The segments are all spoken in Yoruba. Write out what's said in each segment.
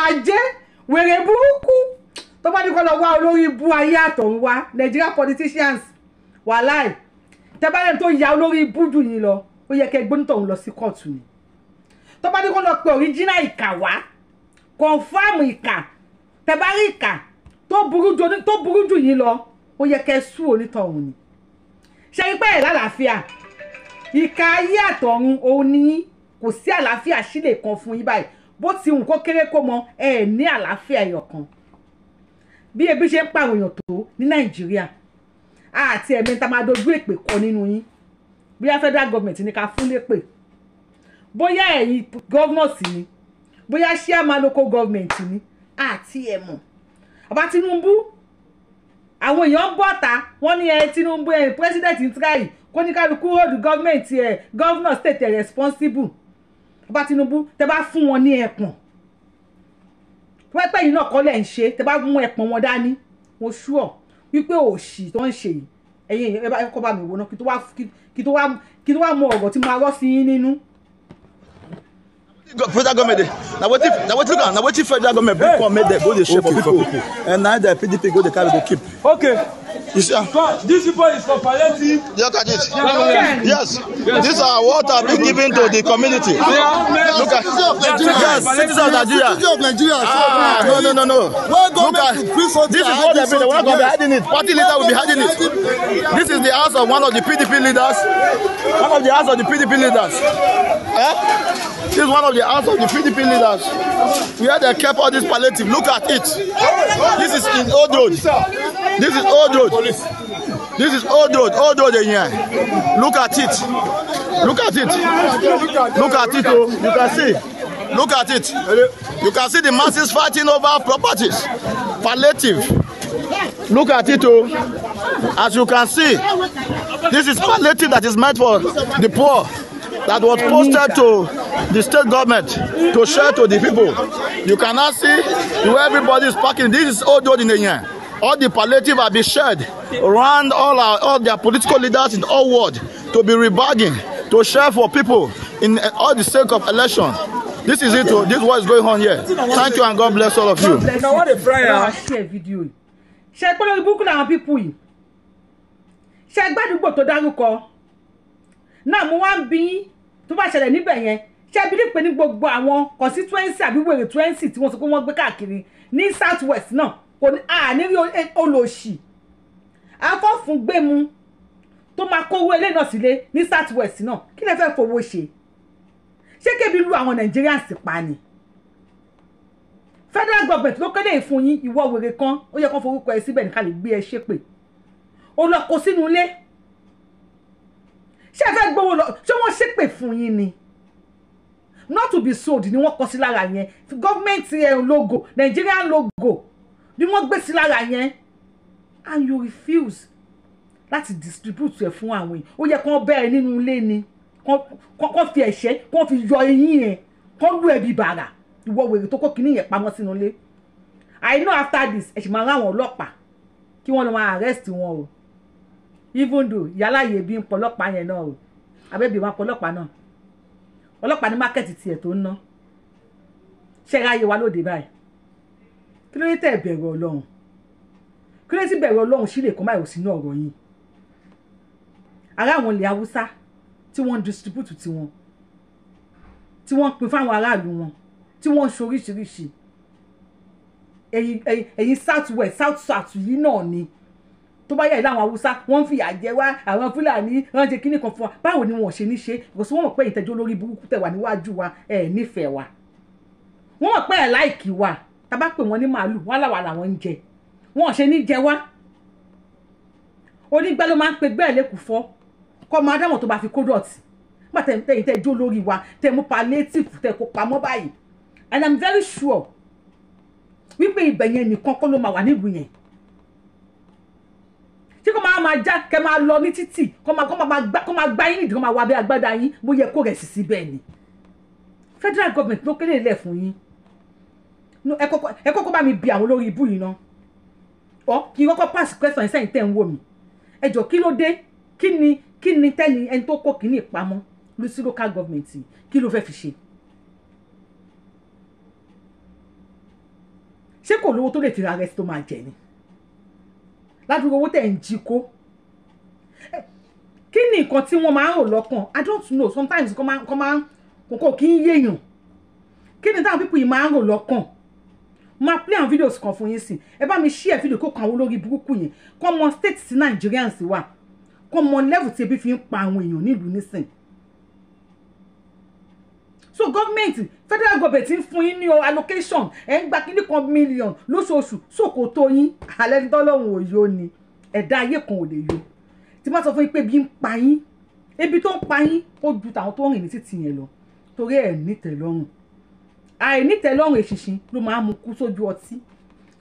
àjẹ́ wèrè burúkú tó bá ní kọ́ lọ wá olórí ibú ayé àtọ̀run wá Nigeria politicians wàláì tẹ́bálẹ̀ tó ya olórí ibú jù yín lọ ó yẹ kẹ́ ẹ gbóni tọ̀hún lọ sí kóòtù ni tó bá ní kọ́ lọ pe original ìkà wá kọ̀ǹfàmù ìkà tẹ́bálẹ̀ ìkà tó burú jù yín lọ ó yẹ kẹ́ sú onítọ̀hún ni ṣe ipẹ́ ẹ̀ lálàáfíà ìkà ayé àtọ̀run òun ni kò sí àlàáfíà sílẹ̀ kan fún yín báyìí bó ti hùn kó kéré kó mọ ẹ ní àlàáfíà ẹyọ kan bí ebi ṣe ń pàwọn èèyàn tó ní nàìjíríà àti ẹ̀mí ta máa dojú èpè kọ nínú yín bóyá federal government ní ká fún lépè bóyá ẹ̀yin governors ni bóyá chairman local government ni àti ẹ̀mọ̀ àbá Tinubu àwọn èèyàn bọ̀ ta wọ́n ní ẹ Tinubu ẹ president ń tíráyì kóníkálukú hold government ẹ governor state ẹ responsible bá Tinubu tẹ bá fún wọn ní ẹ̀pọ̀n tó bá pẹ́ yìí náà kọ́ lẹ̀ ń ṣe tẹ bá mú ẹ̀pọ̀n wọn dání mo ṣúọ̀ wípé òṣì tó ń ṣe yìí ẹ̀yin èèyàn ẹ bá kọ́ bá mi wò náà kí tó wá mọ ọ̀rọ̀ tí mo arọ́ sí yín nínú. federal government dey na wetin na wetin na wetin federal government bring come make dem go dey share for people and na the PDP go dey carry go keep. okay You see, this people is for palliative. Look at it. Yes. yes. These are what have been given to the community. Look at yes, citizens of Nigeria. Citizens of Nigeria. Ah, no, no, no, no. Look at this This is what they've been. One of hiding it. Party leader will be hiding it. This is the house of one of the PDP leaders. One of the house of the PDP leaders. Eh? This is one of the house of the PDP leaders. Where they kept all this palliative. Look at it. This is in Old Road. This is old road. This is old road. Old road in here. Look at it. Look at it. Look at it. Oh. You can see. Look at it. You can see the masses fighting over properties. Palliative. Look at it. Oh. As you can see, this is palliative that is meant for the poor that was posted to the state government to share to the people. You cannot see where everybody is parking. This is all road in the year all the palliative have been shared around all our all their political leaders in all world to be rebagging to share for people in all the sake of election this is it oh. this is what is going on here thank you and god bless all of you. na what a prayer. ṣe fídíò yìí ṣe pé lórí búkú làwọn pípù yìí ṣe gbàdúgbò tó dárúkọ náà mo wá ń bí tó bá ṣẹlẹ̀ níbẹ̀ yẹn ṣe bí pé gbogbo àwọn constituency àbí wèrè twenty tí wọ́n sọ pé wọ́n gbé káàkiri ní south west náà kò ní àní rí olóòṣì afọ́fúngbẹ́mu tó máa kówó ilé náà sílé ní south west náà kí lè fẹ́ fowó ṣe ṣé kébi lu àwọn Nigerians pa ni federal government ló kéde ìfún yín ìwọ wèrè kan ó yẹ kó forúkọ ẹ síbẹ̀ nìkan lè gbé ẹ ṣépè ó lọ kó sínú ilé ṣé ẹ fẹ́ gbowó lọ ṣé wọ́n ṣépè fún yín ni not to be sold ni wọ́n kọ sí lára yẹn government eh, logo Nigerian logo bí wọ́n gbé sí lára yẹn and you refuse láti distribute ẹ̀ fún àwọn yìí ó yẹ kó bẹ́ẹ̀ nínú ilé ni kó fi ẹ̀ṣẹ́ kó fi yọ eyín yẹn kó lù ẹ̀ bí bàrà ìwọ wèrè tó kó kinní yẹn pamọ́ sínú ilé i know after this ẹ̀ sì máa ráwọn ọlọ́pàá kí wọ́n lọ máa arrest wọn o even though yálàyè bí ń pọlọ́pàá yẹn náà o abẹ́bí wọn pọlọ́pàá náà ọlọ́pàá ní mákẹ́tì tiẹ̀ tó ń ná ṣẹ́ra ayé wa lóde báyìí kí ló dé tẹ́ bẹ̀rù ọlọ́run kí ló dé tí bẹ̀rù ọlọ́run ṣì lè kọ́ máa ìwòsàn náà ọ̀rọ̀ yìí ará àwọn ilẹ̀ haúsá tí wọ́n ń distribute tiwọn tí wọ́n ń pín fáwọn aráàlú wọn tí wọ́n ń ṣoríṣiríṣi ẹ̀yin south west south south yìí náà ni tó bá yà ilé àwọn haúsá wọ́n ń fìyà jẹ wá àwọn fúlàní wọ́n ń jẹ kínní kan fún wa báwo ni wọ́n ṣe ní ṣe kò sí wọ́n mọ̀ pé ìtẹ́jú olórí burúkú tẹ̀ wá níwájú wa ẹ̀ nífẹ̀ẹ́ wa wọ́n mọ̀ pé ẹ̀ láìkì wa tá a bá pè wọ́n ní màálù wọ́n làwà làwọn ń jẹ wọ́n ṣe ní jẹ wá onígbà ló máa ń pe gbẹ́ẹ̀ lẹ́kùn fọ́ kọ́ máa dáwọn tó bá fi kó dọ̀tí nígbà tẹ̀yìn tẹ̀ jó lórí wa tẹ̀ mú palliative tẹ̀ kó pamọ́ báyìí and i'm very sure wípé ibẹ̀ yẹn nìkan kọ́ ló máa wà nílùú yẹn tí kò máa máa já kẹ́ máa lọ ní títì kó máa kó máa gbá kó máa gbá yín nìdí kó máa wá abẹ́ agbádá yín bó yẹ kó rẹ̀ sì sí bẹ́ẹ̀ ni federal government ló kéde lẹ̀ fún yín ẹ kọ́kọ́ bá mi bi àwọn olórí ibú yìí náà ọ kì í kọ́kọ́ pass question sẹ́yìn tẹ̀ ń wò mí ẹ jọ kí ló dé kí ni kí ni tẹ́ni ẹni tó kó kínní ìpamọ́ sí local government kí ló fẹ́ fi ṣe. ṣé kò lówó tó lè fi ra rẹ tó máa jẹ ni ládùúgbò owó tẹ̀ ń jí kó kí ni nǹkan tí wọ́n máa ń rò lọ́kàn i don't know sometimes kò máa kò kí ń yéèyàn kí ni táwọn pípọ̀ yìí máa ń rò lọ́kàn ma play àwọn videos kan fún yín sí ẹ bá mi share video kó kan àwọn olórí burúkú yẹn kó mọ state sí Nigerians wà kó mọ level tí ebi fi ń pa àwọn èèyàn nílùú nísìn so government federal government ń fún yín ní allocation ẹ̀ ń gba kíní kan million lóṣooṣù sókòtò yín alẹ́ ń tọ́lọ́hún òyò ni ẹ̀dá ayé kan ò lè yọ tí wọ́n sọ fún yín pé ebi ń pa yín ebi tó ń pa yín ó ju tàwọn tó ń rìn ní títì yẹn lọ torí ẹ̀ nítẹ̀lọ́rùn àìnítẹ́lọ́rùn èṣìṣìn ló máa ń mu kú sójú ọtí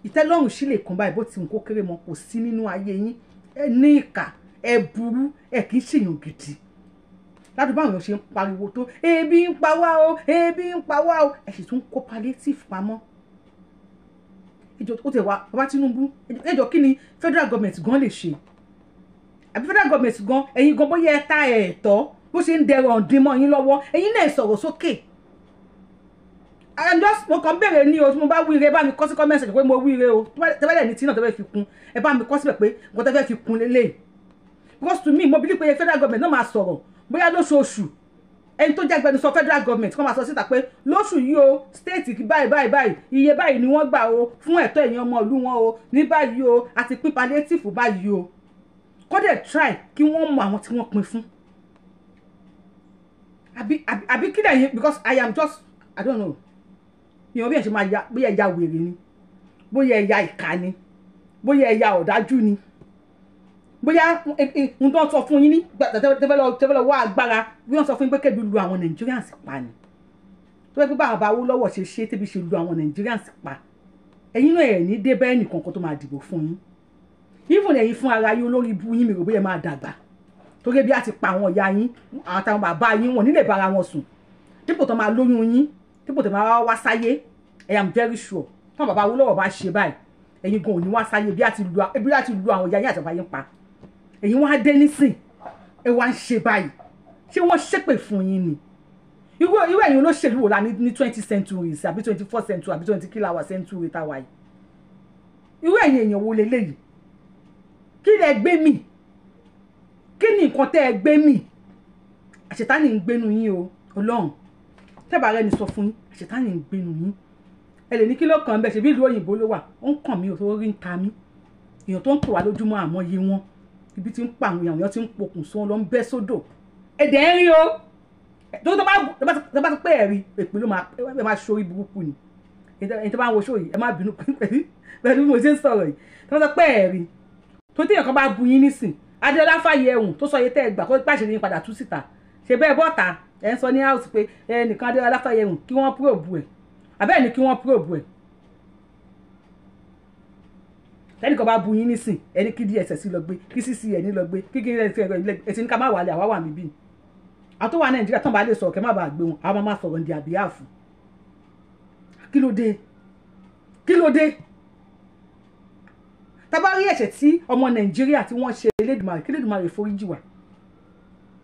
ìtẹ́lọ́rùn sílè kan báyìí bó ti ń kó kéré mọ kò sí nínú ayé yín ẹ ní ìkà ẹ burú ẹ kì í ṣèyàn gidi ládùúgbò àwọn èèyàn ṣe ń pariwo tó ebi ń pa wá o ebi ń pa wá o ẹ sì tún kó palliative pamọ́ ìjọ ó tẹ̀ wá bàbá Tinubu ẹjọ́ kí ni federal government gan lè ṣe àbí federal government gan ẹ̀yin gan bóyá ẹ ta ẹ̀ẹ̀tọ́ bó ṣe ń dẹrọ̀ ọ̀dín mọ́ yín lọ́wọ́ ẹ̀yin náà sọ̀rọ̀ sókè. So ẹ just mo kàn béèrè ní o tí mo bá wíire bá mi kọ sí comment section pé mo wíire o tẹ́wẹ́lẹ̀ ní tí náà tẹ́wẹ́ fi kún ẹ bá mi kọ síbẹ̀ pé nǹkan tẹ́wẹ́ fi kún lélẹ̀ because to me mo believe pé federal government no náà máa sọ̀rọ̀ bóyá lóṣooṣù ẹni tó jẹ́ agbẹnusọ federal government kọ́ máa sọ síta pé lóṣù yìí o state báyìí báyìí báyìí iye báyìí ni wọ́n gbà o fún ẹ̀tọ́ ẹ̀yìn ọmọ ìlú wọn o ní báyìí o àti pín palliative báyìí o kọ́dẹ̀ try kí wọ́n mọ àwọn tí wọ́n pín fún àbí àbí àbí kí lẹ́yìn because I am just I don't know ìyẹn bí ẹ̀ ṣe máa ya bóyá ẹ̀yà wèrè ni bóyá ẹ̀yà ìka ni bóyá ẹ̀yà ọ̀dájú ni bóyá n tó sọ fún yín ní tẹ́fẹ́lẹ́ wá agbára bí wọ́n sọ fún yín pé kẹ́bi lu àwọn Nigerians pa ni tó fẹ́ pé bàbá Awólọ́wọ̀ ṣe ṣe tẹ́bi ṣe lu àwọn Nigerians pa ẹ̀yin náà ẹ̀ ní débẹ́ ẹnìkankan tó máa dìbò fún yín even ẹ̀yin fún ara yín olórí ibú yín mi rò bóyá máa dàgbà torí bí a ti pa àwọn ìyá yín àtàwọn bàbá yín wọn nílẹ̀ bára wọn sùn dípò tó máa lóyún yín People kò tẹ̀ máa wá sáyé I am very sure tán bàbá Awólọ́wọ̀ bá ṣe báyìí ẹ̀yin gan ò ní wá sáyé bí a ti lu àwọn ìyá yín àti bàbá yín pa ẹ̀yin wá dé nísìn ẹ wá ń ṣe báyìí ṣé wọ́n ṣépè fún yín ni irú irú ẹ̀yin olóṣèlú wo la ní ní twenty centuries àbí twenty four century àbí twenty kilawa century táwa yìí irú ẹ̀yin èèyàn wo leléyìí kí lẹ gbé mì kí ni nǹkan tẹ́ ẹ gbé mì àṣetánì ń gbénu yín o ọlọ́run tẹ́bà rẹ ni sọ fún yín àṣetánì ń gbénu yín ẹ lè ní kí ló kàn bẹ́ẹ̀ ṣe bí ìlú òyìnbó ló wà ó ń kàn mí ò tó rí ń ta mí èèyàn tó ń pò wá lójúmọ́ àmọ́yé wọn ibi tí ń pa àwọn èèyàn tí ń pokùn sọ lọ ń bẹ́ sódò ẹ̀dẹ̀ ń rí o tó tó bá ti pẹ́ ẹ̀rí èpè ló máa ṣorí burúkú ni ẹni tó bá ń wo ṣòyí ẹ má bínú pẹ̀lú mo ṣe ń sọ̀rọ̀ yìí tó bá ti pẹ́ ẹ̀rí tó téèyàn kan bá bu yín nísìn adéọlá fàyẹ ẹ̀wùn tó sọ iye tẹ́ ẹ gbà kó pàṣẹ ní padà tú síta ṣe bẹ́ẹ̀ bọ́ta ẹ̀ ń sọ ní house pé ẹnìkan adéwálá fàyẹ̀hùn kí wọ́n probe ẹ̀ àbẹ́ẹ̀ ni kí wọ́n probe ẹ̀ tẹ́nìkan bá bu yín nísìn ẹni kí dss lọ gbé kí ccn lọ gbé kí kí ẹsìn ká má wà lẹ àwa wà níbí àtọ́ wa nàìjíríà tán bá lè sọ̀rọ̀ kẹ́ má bàa gbé wọn àwọn máa sọ̀rọ̀ ní àbíyáàfù kí ló dé kí ló dé tá bá rí ẹ̀ṣẹ̀ tí ọmọ nàìjíríà tí wọ́n ṣe elédùmarè kí elédùmarè foríjì wá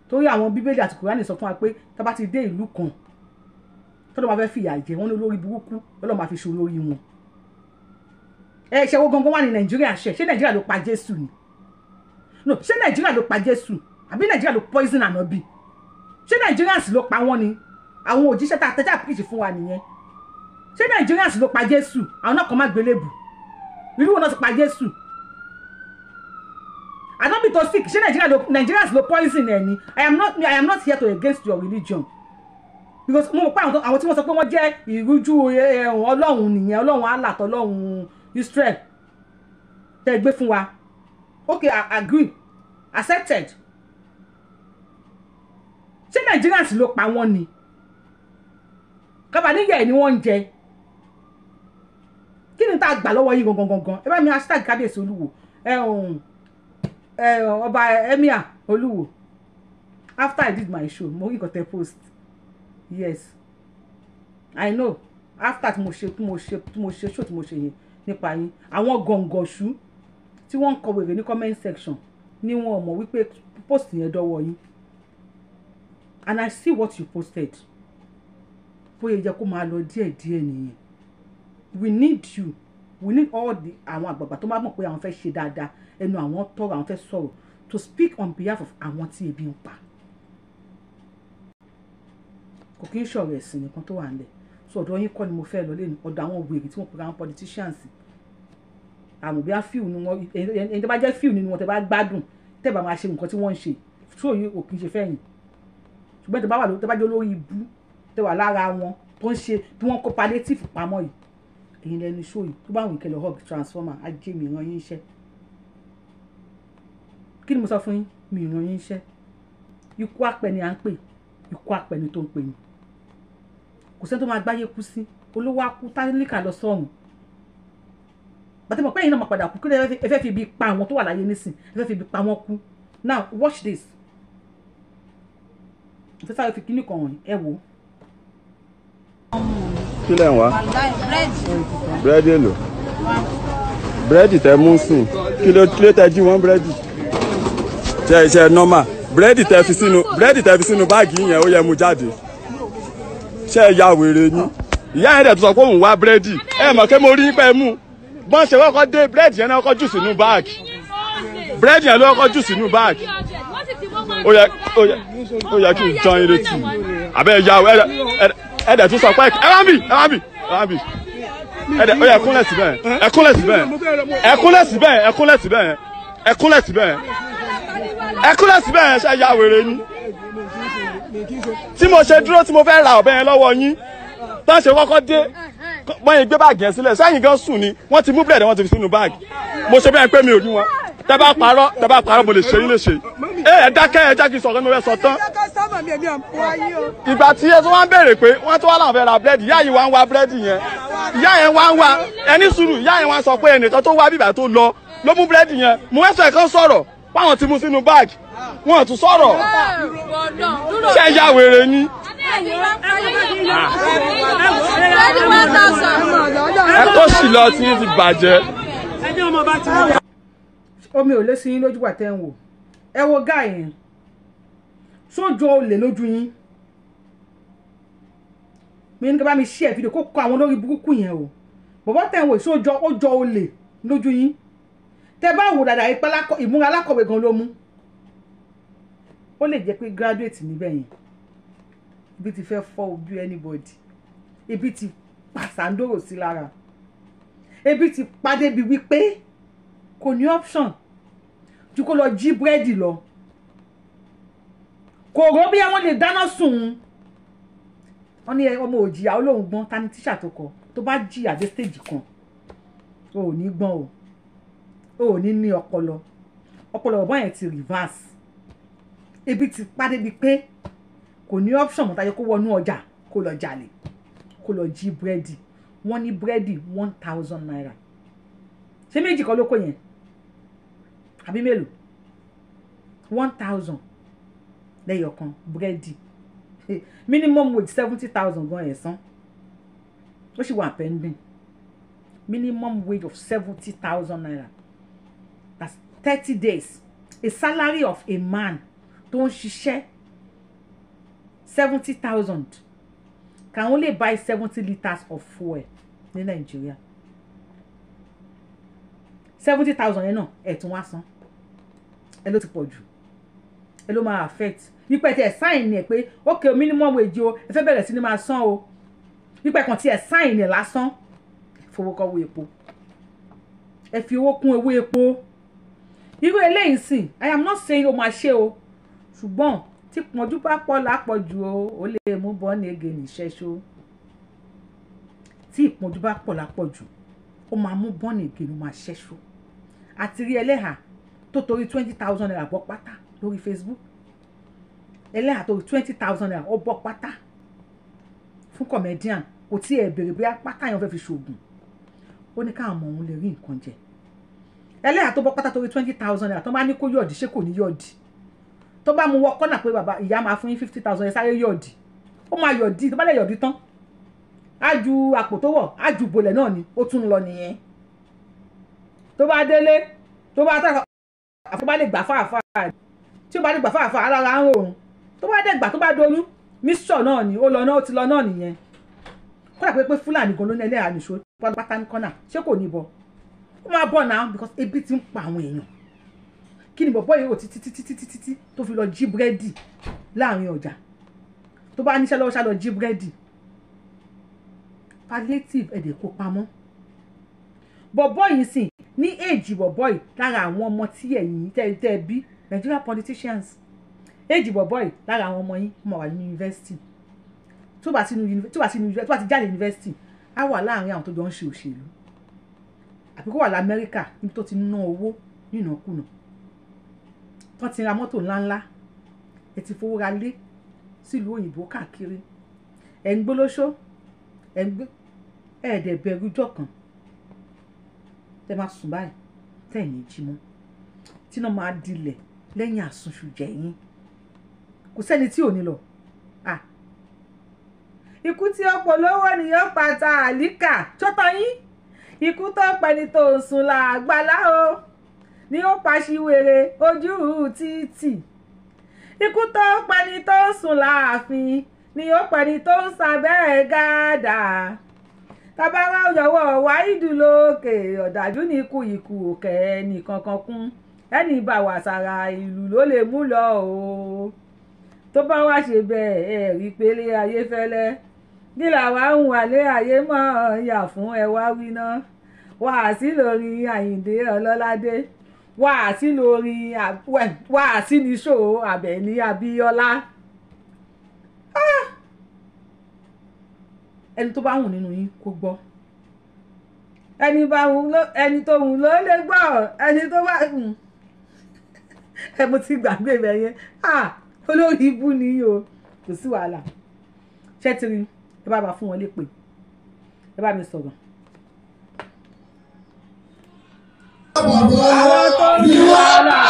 torí àwọn bíbélì àti kùránì sọ fún wa pé tá bá ti dé ìlú kan tọ́lọ́ máa fẹ́ fìyà jẹ wọ́n ní olórí burúkú lọ́lọ́ máa fi ṣe olórí wọn. ẹ ṣe wo gangan wà ní nàìjíríà ṣe ṣé nàìjíríà ló pa jésù ni no ṣé nàìjíríà ló pa jésù àbí nàìjíríà ló poison ànábì ṣé nàìjíríà sì ló pa wọ́n ni àwọn òjíṣẹ́ tá a tẹ́jà píìsì fún wa nìyẹn ṣé nàìjíríà sì ló pa jésù àwọn náà kàn má gbélébù irú wọn náà ti pa jésù happy to sick ṣé Nigeria lo Nigerians lo poison ẹ̀ I am not I am not here to against your religion because mo mọ̀ pé àwọn tí wọ́n sọ pé wọ́n jẹ́ ìrújú ọlọ́run nìyẹn ọlọ́run Allah tọ́lọ́run Israel tẹ́ gbé fún wa okay I agree accepted ṣé Nigerians ló pa wọ́n ni kábàdéyà ẹ̀ ni wọ́n ń jẹ kí ni tá a gbà lọ́wọ́ yìí gangan gangan ẹ bá mi hashtag kábíyèsí olúwo ẹ ọ̀hún. Um, Eh, ọba emir olúwo after i did my show mo rí nǹkan post yes i know after tí mo ṣe tí mo ṣe tí mo ṣe show tí mo ṣe yẹn nípa yín àwọn gọ̀ǹgọ̀ṣù tí wọ́n ń kọ wèrè ní comment section ni wọn ò mọ̀ wípé post yẹn dọ́wọ́ yín and i see what you posted bóyá jẹ́ kó máa lọ díẹ̀díẹ̀ nìyẹn we need you we need all the àwọn àgbààgbà tó bá mọ̀ pé àwọn fẹ́ ṣe dáadáa ẹnu àwọn tọrọ àwọn fẹ́ sọ̀rọ̀ to speak on behalf of àwọn tí ebi ń pa kò kí ń ṣọ̀rọ̀ ẹ̀sìn nìkan tó wà nílẹ̀ so ọ̀dọ̀ yín kọ́ ni mo fẹ́ lọ lẹ́nu ọ̀dọ̀ àwọn wèrè tí wọ́n pera àwọn politicians àmọ́ bí a fíù ni wọ́n ẹni tó bá jẹ́ fíù nínú wọn tẹ́ bá gbádùn tẹ́ bá máa ṣe nǹkan tí wọ́n ń ṣe tó yìí ò kì í ṣe fẹ́yìn ṣùgbọ́n tẹ́ bá wà lórí tẹ́ bá jẹ́ olórí ibú tẹ́ wà lára wọn tó ń ṣe tí wọ́n kó palliative pamọ́ yìí ẹ̀yin lẹni ṣó yìí tó bá àwọn ìkẹlẹ̀ hug transformer ajé mi ràn yín iṣẹ́ kí ni mo sọ fún yín mi ràn yín iṣẹ́ ikú apẹni à ń pè ikú apẹni tó ń pè ní kò sẹ́ni tó máa gbáyé kú sí olówó akú tálíkà lọ sọ́run bàtí mo pẹ́ yín náà mo padà kú kí lè ẹ fẹ́ fi ibi pa àwọn tó wà láyé nísìn ẹ fẹ́ fi ibi pa wọn kú now watch this ìfẹ́ sáré fi kíní kan hàn ẹ wò ó kí lẹ̀ ń wá. búrẹ́dì èlò. búrẹ́dì tẹ mú sùn kí ló kí ló tẹ jí wọ́n búrẹ́dì. ṣe ṣe nọ́mà búrẹ́dì tẹ fi sínú búrẹ́dì tẹ fi sínú báàgì yẹn ó yẹ mu jáde. ṣe ẹ ya wèrè yín. ìyá yẹn dẹ̀ tó sọ pé òun wá búrẹ́dì ẹ mọ̀ kí mo rí pẹ́ mú. bọ́n ṣe wọ́n kọ́ dé búrẹ́dì yẹn náà kọ́ jù sínú báàgì. búrẹ́dì yẹn ló kọ́ jù sínú báàgì ó yẹ kí n jọyìn létí àbẹ ìyá ẹ ẹ̀dẹ̀ tún sọ pé ẹ wá bì ẹ wá bì ẹ wá bì ẹ̀dẹ̀ ó yẹ ẹ kúnlẹ̀ síbẹ̀ ẹ kúnlẹ̀ síbẹ̀ ẹ kúnlẹ̀ síbẹ̀ ẹ kúnlẹ̀ síbẹ̀ ẹ kúnlẹ̀ síbẹ̀ ẹ kúnlẹ̀ síbẹ̀ ṣe ya wèrè ni tí mo ṣe dúró tí mo fẹ́ ra ọ̀bẹ yẹn lọ́wọ́ yín tán ṣe kọ́kọ́ dé wọ́n yẹn gbé báàgì yẹn sílẹ̀ sẹ́yìn gan sùn ni wọ́n ti mú búrẹ́dì wọ́n ti fi sínú báàgì mo ṣe bẹ́ẹ̀ pé mi ò rí wọn tẹ bá parọ́ tẹ bá parọ́ mo lè ṣe yín lè ṣe ẹ ẹ dákẹ́ ẹ jákè sọ̀rọ̀ mi rẹ sọ tán. ìgbà tí ẹ tún wá ń béèrè pé wọ́n tún wá láwọn fẹ́ ra búrẹ́dì ìyá yìí wá ń wa búrẹ́dì yẹn ìyá yẹn wá ń wá ẹni sùúrù ìyá yẹn wá sọ pé ẹnìkan tó wá bíbà tó lọ ló mú búrẹ́dì yẹn mo wẹ́sọ̀ ẹ̀ kan sọ̀rọ̀ páwọn ti mú sínú báàgì wọn ò tún sọ̀rọ̀ ṣé ẹ yá wèrè ni ẹ tó sì lọ tí yín ti bàjẹ́. ẹjọ́ ọmọ omi ò lé sí yín lójú wà ń wò ẹ wo gáà yẹn sójó olè lójú yín mi ní ká bá mi ṣí ẹ fídíò kó kọ àwọn olórí burúkú yẹn o bọ̀bọ̀ tẹ̀ ń wò sójó ó olè lójú yín tẹ bá wò dáadáa ipa ìmúra alákọ̀wé gan ló mú ó lè jẹ́ pé graduate níbẹ̀ yẹn ibi ti fẹ́ fọ́ ojú anybody ibi ti pàṣàndòrò sí lára ibi ti padé bi wípé kò ní option ju kó lọ jí búrẹ́dì lọ kò rò bí àwọn lè dáná sùn wọn ní ọmọ òjìyà olóhùn gbọ́n ta ni tíṣà tó kọ tó bá jìyà dé stage kan o ò ní gbọ́n o o ò ní ní ọpọlọ ọpọlọ ọ̀bọ̀n yẹn ti reverse ebi ti pàdé bíi pé kò ní option mọ́ta yẹ kó wọnú ọjà kó lọ jalè kó lọ jí búrẹ́dì wọ́n ní búrẹ́dì one thousand naira ṣé méjì kọ́ ló kó yẹn àbí mélòó one thousand lẹ́yọ̀ kan búrẹ́dì minimum wage seventy thousand gan ẹ̀sán ó sì wà pending minimum wage of seventy thousand naira that's thirty days a salary of a man tó ń ṣiṣẹ́ seventy thousand can only buy seventy litres of fuel ní Nigeria. seventy thousand yẹn náà ẹ̀ tún wá san ẹ ló ti pọ̀ jù ẹ ló máa affect wípé tí ẹ sáìn ẹ pé ok minimum wage o ẹ fẹ́ bẹ̀rẹ̀ sí ni máa san o wípé kan tí ẹ sáìn ẹ lásán fowókọ́wé epo ẹ fi owó kún owó epo irú eléyìí sìn i am not saying o máa ṣe o ṣùgbọ́n tí pọ́njú bá pọ̀ lápọ̀jù o ò lè mú bọ́ọ̀nì ege nìṣẹ́ṣó tí ìpọ́njú bá pọ̀ lápọ̀jù ó máa mú bọ́ọ̀nì ege ló máa ṣẹ́ṣó àti rí ẹlẹ́hàá tó torí twenty thousand naira bọ́ pátá lórí Facebook ẹlẹ́yà tó twenty thousand naira ó bọ́ pátá fún comedian kò tí ẹ̀ bèrè bóyá pátá yẹn fẹ́ fi ṣoògùn ó ní káwọn ọmọ òun lè rí nǹkan jẹ ẹlẹ́yà tó bọ́ pátá torí twenty thousand naira tó bá ní kó yọ̀dì ṣé kò ní yọ̀dì tó bá mu wọ kọ́nà pé bàbá ìyá máa fún yín fifty thousand ẹ sáré yọ̀dì ó máa yọ̀dì tó bá lè yọ̀dì tán á ju àpò tó wọ̀ á ju bolẹ̀ náà ni ó tún lọ nìyẹn tó bá délé tó bá tà àfi bá lè gbà fáàfáà rẹ̀ tí ó bá lè gbà fáàfáà alára ń ròrùn tó bá dẹ̀ gbà tó bá dolú mísọ̀ náà ni ó lọ náà ó ti lọ náà nìyẹn kódà pé pé fúlàní gan ló ní ẹlẹ́yà nìṣó pátá ní kọ́nà ṣé kò ní bọ̀ ó máa bọ̀ náà because ebi ti ń pa àwọn èèyàn kí ni bọ̀bọ̀ yìí ò títí títí títí títí tó fi lọ jí búrẹ́dì láàrin ọjà tó bá níṣẹ́ lọ́wọ́ ṣá lọ jí búrẹ́dì palliative ẹ̀dẹ̀ kó pamọ́ bọ̀bọ̀ yìí sì ní èjì bọ̀bọ̀ yìí lára àwọn ọmọ tí ẹ̀yìn tẹ́ bí Nigerian politicians èjì bọ̀bọ̀ yìí lára àwọn ọmọ yín ọmọ wà ní yunifásitì tó bá ti jáde yunifásitì á wà láàrin àwọn tó jọ ń ṣe òṣèlú àbí kó wà lamẹ́ríkà níbi tó ti ná owó nínàkúnà tó ti ra mọ́tò ńláńlá ẹ ti fowó ra lé sílùú òyìnbó káàkiri ẹ̀ ń gbólóṣó ẹ̀ ń gbé ẹ̀ẹ́dẹ̀ bẹ̀rù jọ̀kan tẹ máa sùn báyìí tẹ̀yìn jí mọ́ tí náà máa dilẹ̀ lẹ́yìn àsunṣùjẹ́ yín kò sẹ́ni tí ò ní lọ. ikú tí ọ̀pọ̀ lówó ènìyàn pata àlíkà ṣọ́tọ̀ yín ikú tó pẹni tó ń sùn làgbàlá o ni ó paṣíwèrè ojú títì ikú tó pẹni tó ń sùn láàfin ni ó pẹni tó ń sabẹ́ gàdà tábà wá yọwọ́ wáídù lókè ọ̀dájú ní ikú ikú òkè ẹnì kankan kún ẹnì bá wà sára ìlú ló lè mú lọ o tó bá wá ṣe bẹ́ẹ̀ ẹ rí pé lé ayé fẹ́lẹ́ kí làwa ń wà lé ayé mọ́ yà fún ẹ wá wí ná wàásí lórí àyíǹde ọlọ́ládé wàásí lórí wàásí níṣó àbẹ̀ní abíọ́lá. Ah! ẹni tó bá wù nínú yín kó gbọ́ ẹni bá wù ló ẹni tó wù ló lè gbọ́ ẹni tó bá wù ẹ mo ti gbàgbé ibẹ̀ yẹn ah olórí ibú ni yìí o kò sí wàhálà ṣẹ́tìrì ẹ bá bá fún wọn lépè ẹ bá mi sọ̀rọ̀. àwọn tó ń lu wàhálà.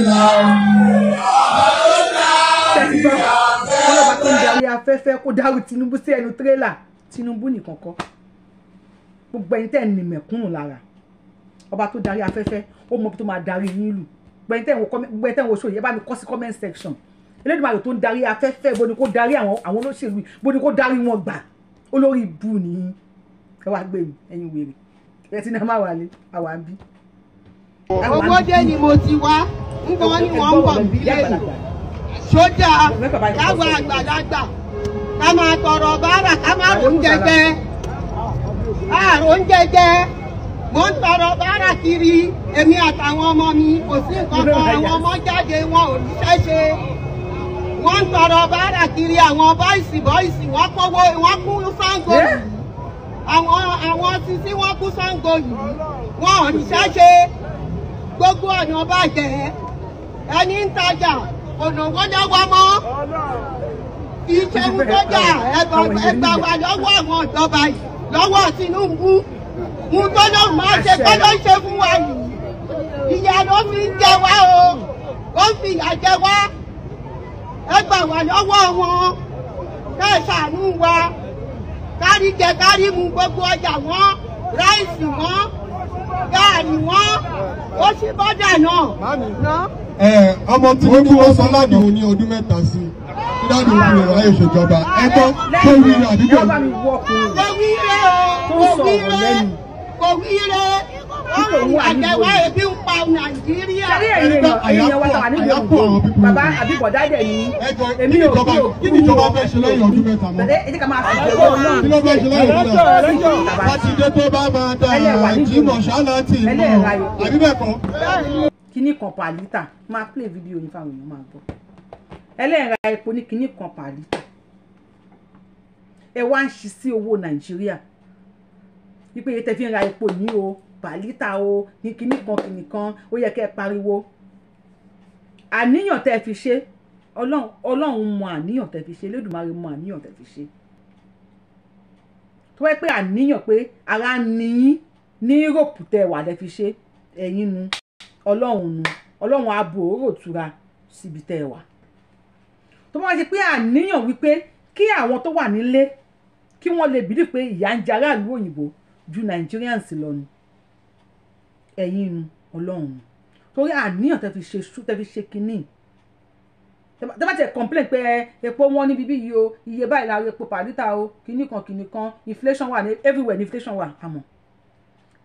ọlọ́ba tó ń darí afẹ́fẹ́ kó dárú Tinubu sí ẹnu tírélà Tinubu nìkan kọ́ gbogbo ẹni tẹ́ ẹ̀ ní mẹ̀kúnnù lára ọba tó darí afẹ́fẹ́ ó mọ tó máa darí nílùú gbogbo ẹni tẹ́ ẹ̀ wo ṣòye ẹ bá mi kọ́ sí comment section Elédùmarè tó ń darí afẹ́fẹ́ bó ni kó darí àwọn olóṣèlú bó ni kó darí wọn gbà olórí ibu nìyí ẹ wá gbé mi ẹ̀yin wèrè ẹ ti ní a máa wà lé àwa ń bí. Owódé ni mo ti wá ń bọ́ ni wọ́n ń bọ̀ bílẹ̀ sójà káwa àgbàlagbà ká máa tọrọ báárà ká máa rò ń jẹjẹ àrò ń jẹjẹ mo ń tọrọ báárà kiri èmi àtàwọn ọmọ mi kò sí nǹkan kan àwọn ọmọ jáde wọn ò níṣẹ́ ṣe wọ́n ń tọrọ báárà kiri àwọn bọ́ìsì bọ́ìsì wọ́n kówó wọ́n kú Ṣàngó àwọn àwọn títí wọ́n kú Ṣàngó yìí wọn ò níṣẹ́ ṣe gbogbo ọ̀nà bàjẹ́ ẹni ń tajà ọ̀nà wọ́dá wa mọ́ ìṣẹ́gun tọ́jà ẹgbà wa lọ́wọ́ àwọn ọ̀jọba yìí lọ́wọ́ Tinubu mú tọ́lọ́ máa ṣe tọ́lọ́ ṣe fún wa yìí ìyá ló fi ń jẹ wá o ó fi ìyà jẹ wá ẹgbà wa lọ́wọ́ wọn kẹsànú wa kárí jẹ kárí mu gbogbo ọjà wọn ráìsì wọn bẹ́ẹ̀ ni wọ́n ó sì bọ́dà náà. ọmọ Tinubu wọn sọ láàdì òun ní ọdún mẹ́ta sí i láàdì òun lè ráyè ṣèjọba ẹgbọ́n tó wí rẹ̀ àdúgbò. kò wí rẹ̀ kò wí rẹ̀ kò wí rẹ̀ ọrùn àjẹwà ebi ń pa nàìjíríà. sẹ́rí ẹ̀yin èèyàn wa tàwa o kí ni ìjọba fẹ́ ṣe lẹ́yìn ọdún mẹ́ta mọ́. bẹ̀rẹ̀ ètò kan máa fi ìjọba náà. kí ló fẹ́ ṣe lẹ́yìn ọdún da jimoh ṣáláńtì mọ́ àbí bẹ́ẹ̀ kọ́. kíní kan pa lítà máa play fídíò ní fáwọn èèyàn máa gbọ́ ẹlẹ́ẹ̀ra epo ní kíní kan pa lítà ẹ wá ń ṣí sí owó nàìjíríà wípé fi ra epo yìí o pàlítà o ní kinní kan kinní kan ó yẹ kẹ́ ẹ pariwo àníyàn tẹ́ ẹ fi ṣe ọlọ́run mọ àníyàn tẹ́ ẹ fi ṣe lẹ́dùnmáre mọ àníyàn tẹ́ ẹ fi ṣe tó wáyé pé àníyàn pé ara níyín ní Europe tẹ́ ẹ wà lẹ́ fi ṣe ẹ̀yin nu ọlọ́run nu ọlọ́run abo òórò tura síbi tẹ́ ẹ wà tó wáyé ṣe pé àníyàn wípé kí àwọn tó wà nílé kí wọ́n lè bìlí pé ìyà ń jẹ òyìnbó ju Nigerians lọ ni ẹ̀yin ọlọ́run torí àníyàn tẹ fi ṣe ṣú tẹ fi ṣe kínní tẹ bá tẹ complain pé epo wọn níbi bí yìí o iye báyìí la epo per litre o kínní kan kínní kan inflation wà ní everywhere ní inflation wà àmọ́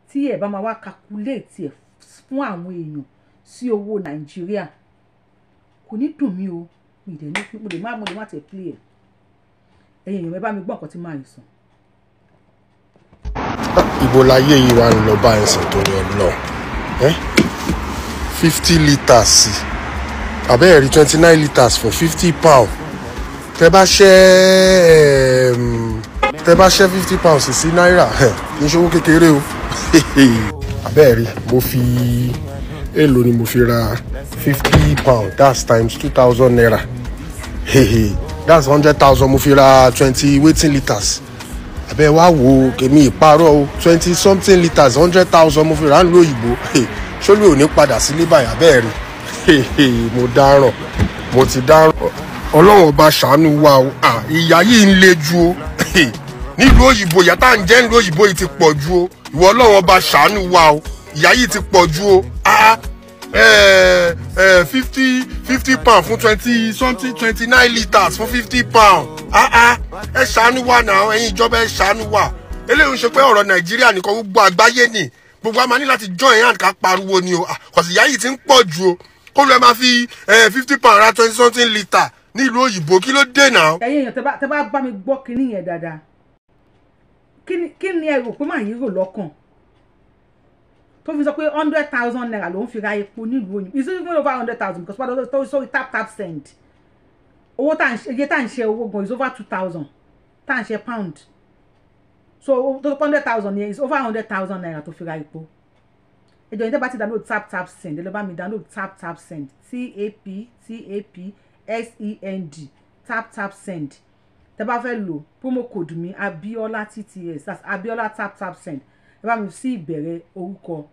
tí ẹ bá máa wá calculate ẹ fún àwọn èèyàn sí owó nàìjíríà kò ní dùn mí o mo lè má tẹ̀ play ẹ ẹ̀yin èèyàn ẹ bá mi gbọ́ nǹkan tí máa yìí sùn ibo láyé yìí wà ń lọ bá ẹsẹ̀ tó ní ọlọ fifty litres I ẹ̀rí twenty nine litres for fifty pound tẹ bá ṣẹ́ ehm, tẹ bá ṣẹ́ fifty pounds. sí náírà ní kékeré o abẹ́ mo fi èèlò ni mo fi ra fifty pound that's times two thousand naira that's hundred thousand mo fi ra twenty waiting litres abẹ́ wá wo kèmí ìparọ́ o twenty something litres hundred thousand mo fi rà ń lo òyìnbó ṣólú ò ní padà sí líbàyà bẹ́ẹ̀ rí mo dáràn mo ti dáràn ọlọ́run ọba ṣàánú wa o ìyá yìí ń le ju o nílùú òyìnbó ìyá tá à ń jẹ́ nílùú òyìnbó yìí ti pọ̀ ju o ìwọ ọlọ́run ọba ṣàánú wa o ìyá yìí ti pọ̀ ju o ah, Eh, eh, fifty fifty pound fún twenty something twenty nine litres fún fifty pound ah, ah, ẹ ṣàánú wa náà ẹ̀yin ìjọba ẹ ṣàánú wa eléyìí ń ṣe pé ọ̀rọ̀ nàìjíríà nìkan gbogbo àgbáyé ni gbogbo a máa ní láti join hand ká pariwo ni o kọ̀sìyá ah, yìí ti ń pọ̀ ju o kó lóye máa fi eh, fifty pound ra twenty something litre ní ìlú òyìnbó kí ló dé náà. ẹ̀yin èèyàn tẹ bá bá mi gbọ́ kinní yẹn dáadáa kí ni ẹ rò pé màá yí rò lọ́kàn tó fi sọ pé hundred thousand naira ló ń fi ra epo nílùú òyìnbó it's even over hundred thousand because padà tó sọ tap tap send owó tá à ń ṣe iye tá à ṣe owó gan is over two thousand tá à ṣe pound so tó hundred thousand yẹn is over hundred thousand naira tó fi ra epo ẹjọ yìí tẹ́ bá ti download tap tap send ẹ lọ bá mi download tap tap send e tap tap send tap tap send tẹ́ bá fẹ́ lò promo code mi abiola tts that's abiola tap tap send ẹ bá mi sí ìbẹ̀rẹ̀ orúkọ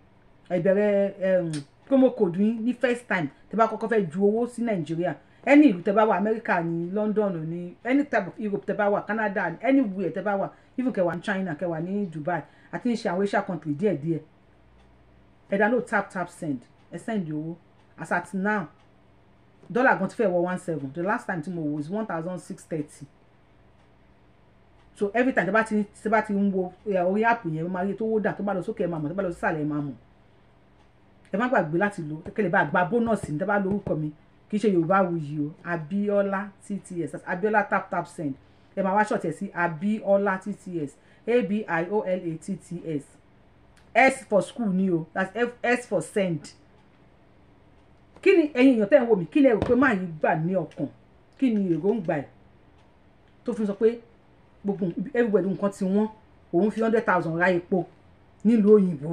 ìbẹ̀rẹ̀ promo code yín ní first time tẹ́ bá kọ́kọ́ fẹ́ ju owó sí nàìjíríà any ìlú tẹ́ bá wà amẹ́ríkà ní london ní any type of europe tẹ́ bá wà canada anywhere tẹ́ bá wà even kẹ́ wà ní china kẹ́ wà ní dubai àti ní ṣe àwọn asia country díẹ̀díẹ̀ ẹ download tap tap send ẹ send owó as at now dollar gan ti fẹ́ wọ one seven the last time tí mo wò is one thousand six thirty so every time tí bá ti ń wo eh, orí app yẹn mo máa rí tó wó dà tó bá lọ sókè ẹ máa mọ̀ tó bá lọ sísàlẹ̀ ẹ máa mọ̀ ẹ má gbàgbé láti lò kẹ́lẹ́ bá gba bónọ́ọ̀sì ní dábàá lórúkọ mi kì í ṣe yorùbá wuyì o abiola tts abiola tap tap send ẹ máa wá ṣọ̀tẹ̀ sí abiola tts abiola tts s for school ni o that's f s for send kí ni ẹ̀yin èèyàn tẹ́ ń wò mí kí lẹ rò pé máa yín gbà ní ọkàn kí ni èròǹgbà ẹ̀ tó fi sọ pé gbogbo everywhere nǹkan ti wọ́n òun fi hundred thousand ra epo nílùú òyìnbó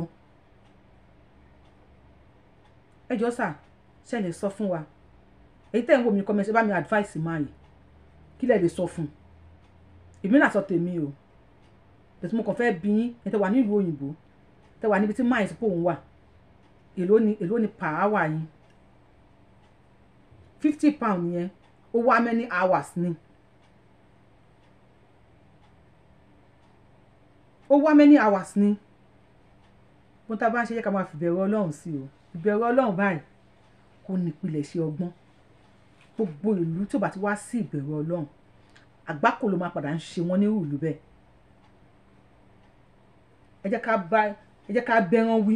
ẹ jọ sà ṣe sọ fún wa èyí tẹ̀ ń wò mí kọ́ mẹ́sẹ̀ bá mi advice máa yìí kí lẹ̀ lè sọ fún èmi náà sọ tèmi o tètè mo kàn fẹ́ bí yín ẹ tẹ́ wà nílùú òyìnbó tẹ́ wà níbi tí máyì sípò òun wà èló ni èló ni per hour yín fifty pound yẹn ó wá many hours ni ó wá many hours ni mo ta bá ń ṣe yẹ ká máa fìbẹ̀rù ọlọ́run sí o ìbẹ̀rù ọlọ́run báyìí kò ní ìpilẹ̀ṣẹ̀ ọgbọ́n gbogbo ìlú tó bá ti wá sí ìbẹ̀rù ọlọ́run àgbákò ló máa padà ń ṣe wọ́n ní ìlú bẹ́ẹ̀ ẹ jẹ́ ká bá ẹ jẹ́ ká bẹ́ràn wí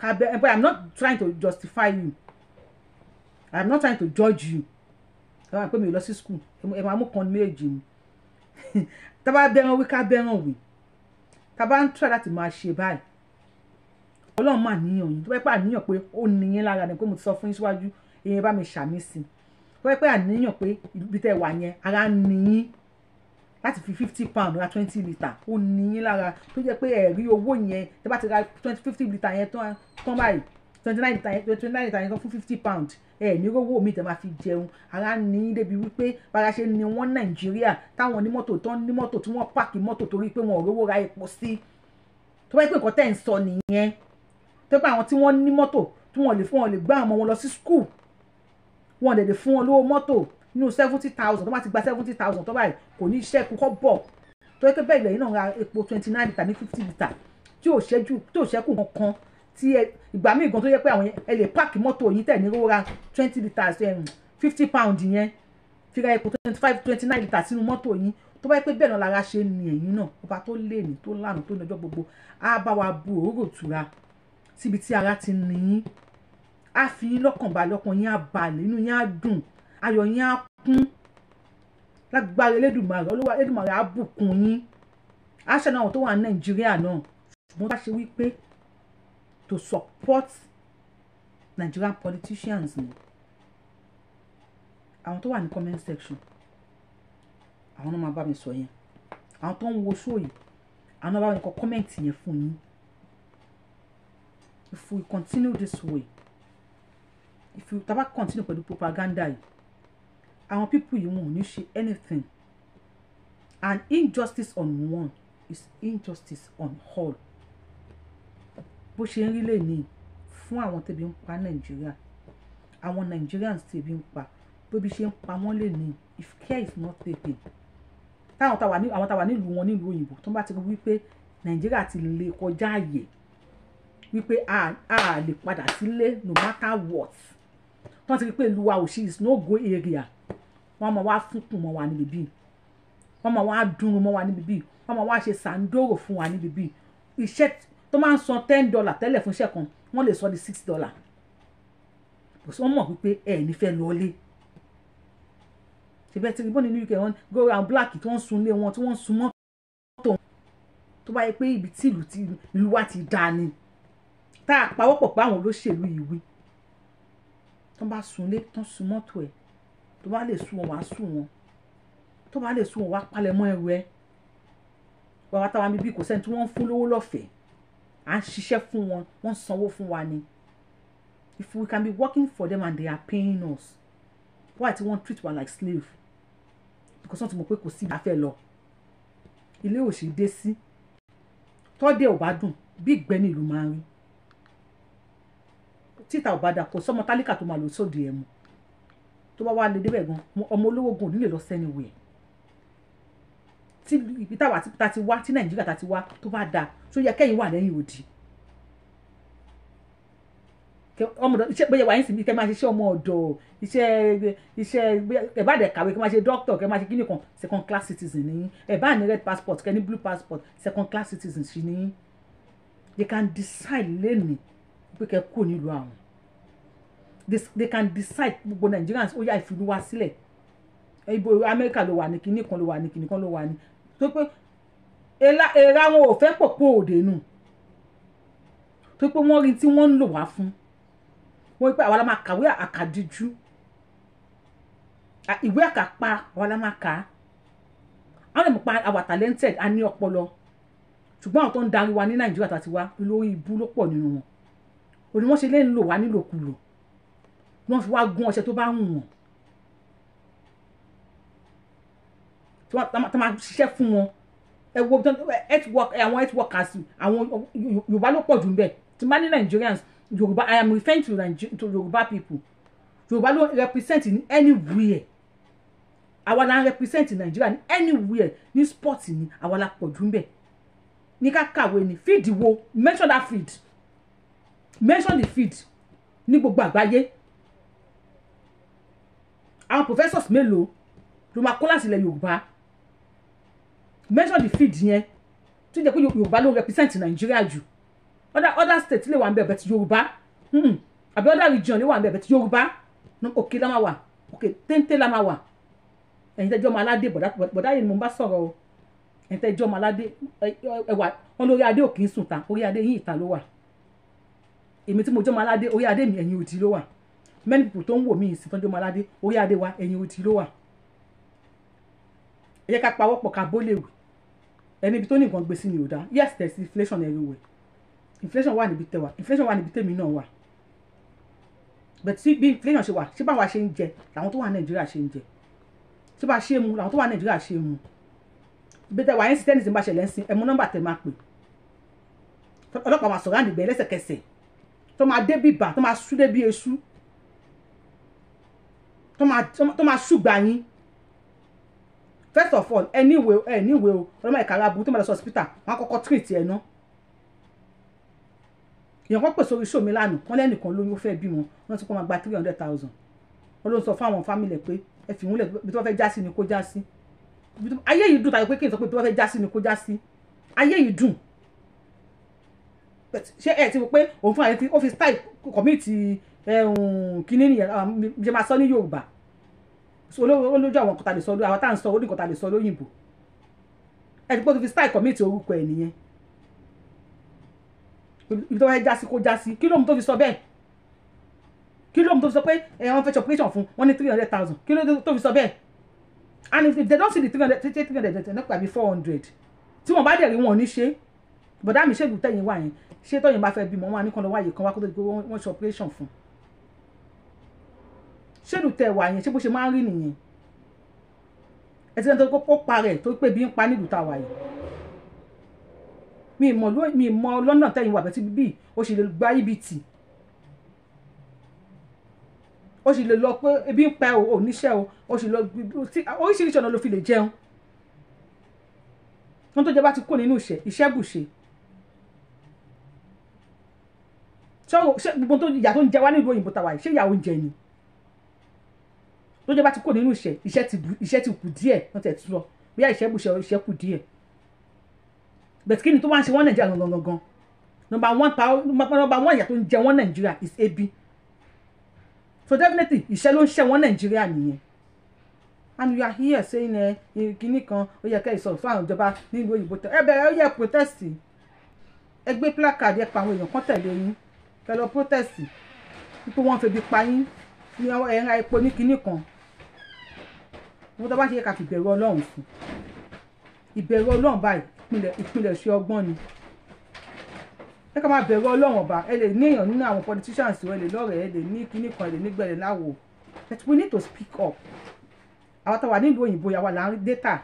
ká bẹ́ràn but i'm not trying to justify you i'm not trying to judge you ẹ máa pè mí lọ sí school ẹ máa mú kan méjì mi tá bá bẹ́ràn wí ká bẹ́ràn wí tá bá ń try láti máa ṣe báyìí ọlọ́run máa níyàn yìí tó bá pẹ́ àníyàn pé ó níyàn lára ni pé mo ti sọ fún yín síwájú èèyàn bá mi ṣàmì sí tó bá pẹ́ àníyàn pé ibi tẹ́ wà yẹn ara níyìn láti fi fifty pound ra twenty litre ó níyìn lára tó jẹ́ pé ẹ̀rí owó yẹn tó bá ti ra twenty fifty litre yẹn tán báyìí twenty nine litre yẹn twenty nine litre yẹn tán fún fifty pound ẹ ní rówó mi tẹ máa fi jẹun ara ní débi wípé bára ṣe ni wọ́n nàìjíríà táwọn onímọ́tò tó ń ní mọ́tò tí wọ́n pààkì mọ́tò torí pé wọn ò rówó ra epo sí tó bá yẹ pé nǹkan tẹ̀ ń sọ nìyẹn tẹ́pẹ́ àwọn tí wọ́n ní mọ́tò tí wọ́n lè fún wọn lè gbá ọmọ wọn lọ sí skul wọn lè lè fún wọn lówó mọ́tò nínú seventy thousand tó bá ti gba seventy thousand tó báyìí kò ní iṣẹ́ kúkọ́ bọ̀ tó yẹ pé bẹ́ẹ̀ lẹ́yìn náà ra epo twenty nine litre ní fifty litre tí ò ṣẹ́jú tí ò ṣẹ́kù kankan tí ìgbà míì gan tó yẹ pé àwọn ẹ lè páàkì mọ́tò yìí tẹ̀ ní rora twenty litres fifty pound yẹn fi ra epo twenty five twenty nine litre sínú mọ́tò yìí tó bá yẹ pé bẹ́ẹ̀ náà lára ṣe ni èyí náà ọba tó lè ní tó lánàá tó ní ọjọ́ gbogbo á bá wa bu òórò tura síbi tí ara ti nì yín á fi yín lọ́kàn balẹ̀ ọkàn yín á balẹ̀ inú yín á dùn ayọ̀ yín á kún lágbára elédùnmarè olúwa elédùnmarè á bùkún yín á ṣàdánwò àwọn tó wà ní nàìjíríà náà ṣùgbọ́n bá ṣe wípé to support Nigerian politicians ni àwọn tó wà ní comment section àwọn náà máa bá mi sọ yẹn àwọn tó ń wo ṣó àwọn náà bá mi kọ kọ́mẹ̀ntì yẹn fún yín if we continue this way if we taba continue pẹ̀lú propaganda yìí àwọn people yìí wọn ò ní ṣe anything and injustice on one is injustice on all bó ṣe ń rí lè ní fún àwọn tẹ̀bi ń pa nàìjíríà àwọn nigerians tẹ̀bi ń pa bóbi ṣe ń pa wọ́n lè ní if care is not taken táwọn táwa nílùú wọn nílùú òyìnbó tó bá ti rí wípé nàìjíríà ti lè kọjá àyè wípé a lè padà sílé no matter what wọ́n ti rí pé ìlú wa ò is no go area wọ́n máa wá fúnkùn mọ́ wa níbi bíi wọ́n máa wá dùnrún mọ́ wa níbi bíi wọ́n máa wá ṣe sàǹdòrò fún wa níbi bíi iṣẹ́ tó máa ń san ten dollar tẹ́lẹ̀ fún iṣẹ́ kan wọ́n lè sọ di six dollar kò sí wọ́n mọ̀ wípé ẹ̀ ní fẹ́ lọ́ọ́lé ṣe bẹ́ẹ̀ ti rí bọ́ọ̀nì ní uk wọn go round black tí wọ́n sun ilé wọn tí wọ́n sun mọ́tò tó bá yẹ pé ibi tí ìlú wa ti dáa ni tá a pawọ́pọ̀ pé àwọn olóṣèlú yìí wí tó bá sunlé tó sun mọ́tò ẹ̀ tó bá lè sún wọn wá sún wọn tó bá lè sún wọn wá palẹ̀ ẹrù ẹ wàá táwa mi kò sẹ́ni tí wọ́n ń fún lówó lọ́fẹ̀ẹ́ à ń ṣiṣẹ́ fún wọn wọ́n ń sanwó fún wa ni if we can be working for them and they are paying us why ti wọ́n treat wa like slave because wọ́n ti mọ̀ pé kò sí ibi afẹ́ lọ ilé òṣèdè sí tọ́dẹ̀ ò bá dùn bí ìgbẹ́ ni máa ń rí títa ò bá dà kó sọmọ tálíkà tó máa lò sóde ẹ̀ mu tó bá wà lè débẹ̀ gan ọmọ olówó gan nílè lọ sẹ́ni wẹ̀ tí ibi táwa ta ti wá tí nàìjíríà ta ti wá tó bá dà tó yẹ kẹ́yìn wà lẹ́yìn òdì ọmọdọ iṣẹ́ bẹyẹ wáyé sinmi kẹ máa ṣiṣẹ́ ọmọ ọ̀dọ̀ iṣẹ́ iṣẹ́ ẹbàdẹ kàwé kẹ máa ṣe dókítà kẹ máa ṣe kíni kan second class citizen ni ẹbá ní red passport kẹ ní blue passport second class citizen sí ni you can decide lẹ́nu pé kẹ́ kúrò nílùú àwọn they, they can decide gbogbo Nigerians ó yá ìfìlú wa sílẹ̀ ibo Amẹ́ríkà ló wà ní kinní kan ló wà ní kinní kan ló wà ní tó pé èrà wọn ò fẹ́ pọ̀ pé òde nù tó pé wọ́n rí tí wọ́n ń lò wá fún wọ́n pé àwa la máa kàwé àkàdíjú ìwé àkàpá àwa la máa kà á àwọn èèmọ̀ pa àwa talented a ní ọpọlọ ṣùgbọ́n àwọn tó ń darí wa ní Nàìjíríà tàti lórí ibú ló pọ̀ nínú wọn òní wọ́n ṣe lè ń lò wá nílòkulò wọ́n fi wá gún ọṣẹ tó bá wù wọ́n tí wọ́n máa ṣiṣẹ́ fún wọn ẹ wo health work àwọn health workers àwọn Yorùbá ló pọ̀ jù níbẹ̀ tí má ní Nigerians Yorùbá I am referring to, to Yorùbá people Yorùbá ló represent ní anywhere àwa la represent Nigeria ní anywhere ní sport ni àwa la pọ̀ jù níbẹ̀ ní ká kàwé ní fídìwó mention that field mention the field ní gbogbo àgbáyé àwọn professors mélòó ló máa kó láti ilẹ̀ yorùbá mention the field yẹn tó jẹ́ pé yorùbá ló represent Nigeria. jù other other state lè wà nbẹ̀ bẹ̀tì yorùbá hmm, àbí other region lè wà nbẹ̀ bẹ̀tì yorùbá òkè la máa wà òkè téńté la máa wà ẹ̀yin tẹ́jọ́ ọmọ aládé bọ̀dá yìí ni mo bá sọ̀rọ̀ o ẹ̀yin tẹ́jọ́ ọmọ aládé ẹ̀wà wọn lórí adé òkè ń sùn ta orí adé yìí ìta ló wà èmi tí mo jẹ́ ọmọládé orí adé mi ẹ̀yìn òtí ló wà many people tó ń wò mí ìsìn fọ́njọ́ ọmọládé orí adé wa ẹ̀yìn òtí ló wà ẹ jẹ́ ká pawọ́pọ̀ ká bó léwu ẹni ibi tó ní nǹkan gbé sí ni ò dá yes there is inflation everywhere inflation wà níbi tẹwà inflation wà níbi tèmi náà wà but tí bí inflation ṣe wà ṣé báwa ṣe ń jẹ làwọn tó wà nàìjíríà ṣe ń jẹ ṣé bá ṣe mu làwọn tó wà nàìjíríà ṣe é mu bí tẹwà yẹn sì tẹ́nìsì ń bá ṣẹlẹ̀ ń sin ẹmu nọ́mbà tẹ̀ máa pè ọlọ́pàá máa sọ̀rọ̀ àdìgbẹ́ lẹ́sẹ̀kẹsẹ̀ tó máa dé bí ìbà tó máa sú dé bí eṣú tó máa ṣùgbà yín first of all ẹ níwè ẹ níwè o ọlọ́mọ ìka aláàbò tó máa lọ sí hospital wọn á kọ́kọ́ treat ẹ ná èèyàn kan pè sórí iṣẹ́ mi lánàá wọn lẹ́nìkan lóyún ó fẹ́ bí wọn wọn ti kọ́ máa gba three hundred thousand wọn ló ń sọ fáwọn fámìlì pé ẹ fi ìwúlẹ̀ bí tó bá fẹ́ já sí ni kó já sí ayé yìí dùn tàbí pé kí n sọ pé bí tó bá fẹ́ já sí ni kó já sí ayé yìí dùn ṣé ẹ ti wò pé òun fún àyè tí ó fi style kọ̀míìtì um, kínní nìyẹn jẹ́ um, máa sọ ní Yorùbá olójú àwọn kọ̀tà lè sọ àwọn tá à ń sọ orí lè sọ lóyìnbó ẹ ti pé ó ti fi style kọ̀míìtì orúkọ ẹ̀ nìyẹn ibi tó fẹ́ já sí kó já sí kí ló mú tó fi sọ bẹ́ẹ̀ kí ló mú tó fi sọ pé ẹ̀ wọ́n fẹ́ ṣe operation fún wọ́n ní three hundred thousand kí ló tó fi sọ bẹ́ẹ̀ and if they don't see the three hundred three hundred three hundred nípa bí four hundred tí wọ́n bá dẹ̀ rí wọn ò ní ṣe bọ̀dá mi ṣègùn tẹ̀yìn wá yẹn ṣé tọ́yìn bá fẹ́ bímọ wọn á ní kán lọ wáyé kan wá kó tó di pé wọ́n ṣe operation fún un ṣéèlú tẹ wà yẹn ṣé bó ṣe máa ń rí nìyẹn ẹ ti dẹ́n tó kó pa rẹ̀ tó pé bí ń pa nílùú tá a wà yìí mi mọ̀ mi mọ̀ lọ́nà tẹ̀yìn wà bẹ́tí bíi ó sì lè gba ibi tì ó sì lè lọ pé ebi ń pa ò níṣẹ́ o ó sì lọ oríṣiríṣi ọ̀nà ló fi lè jẹun wọn tó jẹ bá ti kó nínú ìṣẹ́ ìṣẹ́bùṣe ṣé gbogbo tó ìyà tó ń jẹ wá nílùú òyìnbó tàwa yìí ṣé ìyàwó ń jẹ ni tó jẹ́ bá ti kó nínú ìṣẹ́ ìṣẹ́ ti kù díẹ̀ wọ́n tẹ̀ tú lọ bóyá ìṣẹ́ bù ìṣẹ́ kù díẹ̀ bẹ̀tí kí ni tó wá ń ṣe wọ́n nàìjíríà gangan gangan number one number one ìyà tó ń jẹ wọ́n nàìjíríà is ebi so definitely ìṣẹ́ ló ń ṣẹ́ wọ́n nàìjíríà nìyẹn and you are here saying ẹ eh, kínní kan ó yẹ kẹ́ ìsọ̀rọ̀ fún àwọn ìjọba nílùú òyìnbó tẹ ẹ bẹ̀rẹ̀ ó yẹ protest ẹ gbé placard ẹ pa àwọn èèyàn kan tẹ̀lé yín kẹ lọ protest wípé wọ́n febi pa yín ní ẹ̀ra epo ní kinní kan wọ́n tó bá ṣe ká fi ìbẹ̀rù ọlọ́run sí ìbẹ̀rù ọlọ́run báyìí ìpìlẹ̀ ṣe ọgbọ́n ni ẹ ká máa bẹ̀rù ọlọ́run ọba ẹ lè ní èèyàn nínú àwọn politicians ẹ lè lọ́rẹ̀ẹ́ ẹ lè ní kinní kan ẹ lè nígbẹ̀rẹ̀ láwo but we need to speak up àwọn táwa nílùú òyìnbó yà wà là data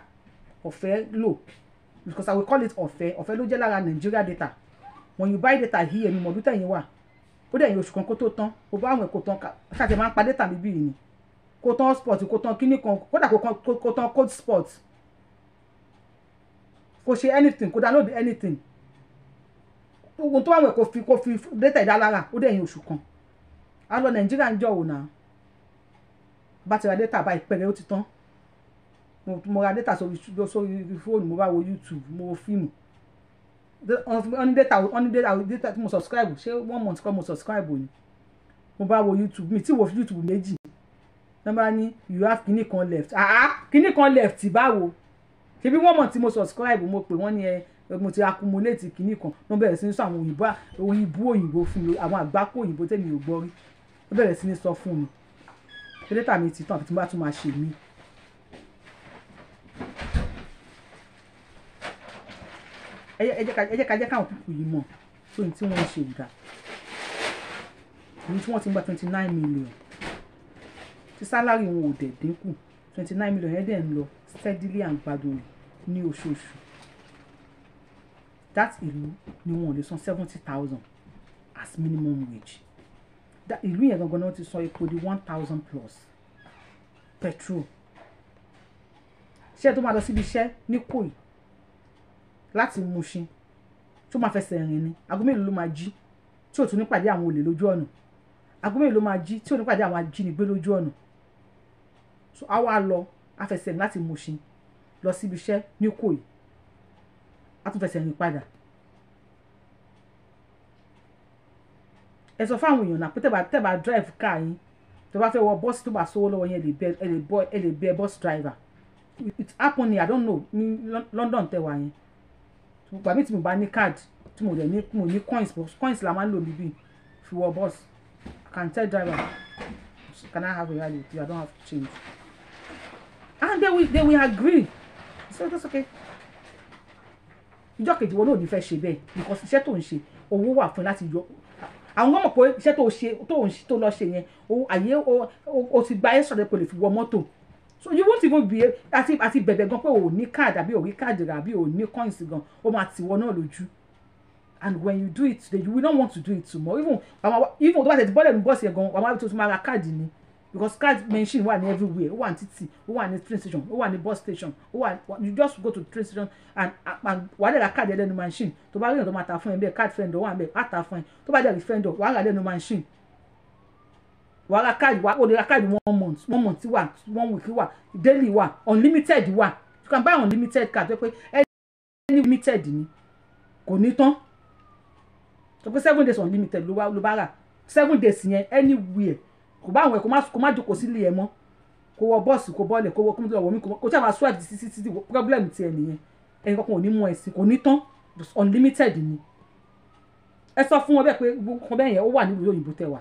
ọ̀fẹ́ lò because I will call it ọ̀fẹ́ ọ̀fẹ́ ló jẹ́ lára Nigeria data when you buy data here èmi mọ̀ọ́dún tẹ̀yìn wà ó dẹ̀ yín oṣù kan kó tó tán kó bá àwọn èkó tán ṣàtẹ̀ máa ń padé tàbí bíi ni kó tán hotspot kó tán kíní kan kódà kó tán cold spot kó ṣe anything kó download anything ohun tó bá àwọn èkó fi kó fi data ìdá lára ó dẹ̀ yín oṣù kan a lọ nàìjíríà ń jọ òun náà bá ti ra data bá ìpẹrẹ ó ti tán mo ra data sórí fóònù mo bá wo youtube mo wo fíìmù on data on data data tí mo subscribe ṣé one month kọ́ mo subscribe ni mo bá wo youtube mi tí wo youtube méjì Number ní you have kinní kan left ah ah kinní kan left báwo ṣebí one month tí mo subscribe mo pè wọ́n ní ẹ eh, mo ti accumulate kinní kan wọ́n bẹ̀rẹ̀ sí ní sọ àwọn òyìnbó òyìnbó òyìnbó fún mi àwọn àgbákò òyìnbó tẹ̀mí ò gbọ́ rí wọ́n bẹ̀rẹ̀ sí ní sọ fún mi data mi ti tàn àti tí mo bá tún máa ṣe mí ẹ jẹ́ ká jẹ́ káwọn pípò yìí mọ̀ pé ní tí wọ́n ń ṣe ìgbà ní tí wọ́n ti gba twenty nine million tí sálárì wọn ò dẹ̀ dínkù twenty nine million yẹn ń lọ steadily and gradually ní oṣooṣù that ìlú ni wọn ò lè san seventy thousand as minimum wage that ìlú yẹn gangan náà ti san epo di one thousand plus petrol ṣé tó máa lọ síbi iṣẹ́ ní kòyí láti Mushin tó máa fẹsẹ̀ rìn ni aago mélòó ló máa jí tí ò tún ní pàdé àwọn olè lójú ọ̀nà aago mélòó ló máa jí tí ò ní pàdé àwọn ajínigbé lójú ọ̀nà so a wá lọ a fẹsẹ̀ rìn láti Mushin lọ síbi iṣẹ́ ní Ìkòyí a tún fẹsẹ̀ rìn padà ẹ sọ fáwọn èèyàn náà pé tẹ́bà tẹ́bà drive car yín tó bá fẹ́ wọ bọ́ọ̀sì tó bá sówó lọ́wọ́ yẹn ẹ lè bẹ bọ́ọ̀sì driver it happen ni I don't know ní London tẹ́wà yẹn gbà mí tí mo bá ní card tí mo dẹ̀ ní mo ní coins coins la máa ń lò níbí fi wọ bus I can tell driver can I have a rally if you don't have change and then we then we agree so that's okay ìjọ kejì wọn náà ò ní fẹ́ ṣe bẹ́ẹ̀ because iṣẹ́ tó ń ṣe owó wà fún láti yọ àwọn ọmọ pé iṣẹ́ tó ṣe tó ń lọ ṣe yẹn àyè o ti gba ẹ̀ sọ̀rọ̀ pé lè fi wọ mọ́tò so you won't even be àti àti bẹ̀bẹ̀ gan pé o ò ní káàdì àbí o rí káàdì rà àbí o ní coins gan ó máa tì wọ́n náà lójú and when you do it today you will not want to do it tomorrow even àwọn even tó bá tẹ̀ ti bọ́lẹ̀ ní bọ́ọ̀sì yẹn gan àwọn àbí tó máa ra káàdì ni because card machine wà ní everywhere ó wà ní títì ó wà ní train station ó wà ní bus station ó wà you just go to train station and and wà á lè ra card ẹlẹ́nu machine to bá rí ìyàn tó máa ta fún ẹ bẹ́ẹ̀ card fẹ́ndọ̀ wà bẹ́ẹ̀ á ta fún ẹ tó bá dẹ̀ rí fẹ́ndọ̀ wà á machine wà ra card wà á lè ra card one months one month wà one week wà daily wà unlimited wà you can buy unlimited card tó any limited ni kò ní tán tó pé seven days unlimited ló bá ló bá rà seven days yẹn anywhere kò bá àwọn ẹ̀ kó má kó má jókòó sílé ẹ̀ mọ́ kó wọ bọ́ọ̀sì kó bọ́ọ̀lẹ̀ kó wọ kó wọ mí kó tí a máa swipe títí títí problem tiẹ̀ nìyẹn ẹnì kankan ò ní mú ẹ̀sìn kò ní tán unlimited ni ẹ sọ fún wọn bẹ́ẹ̀ pé gbogbo bẹ́ẹ̀ yẹn ó wa. nílùú òyìnbó tẹ wà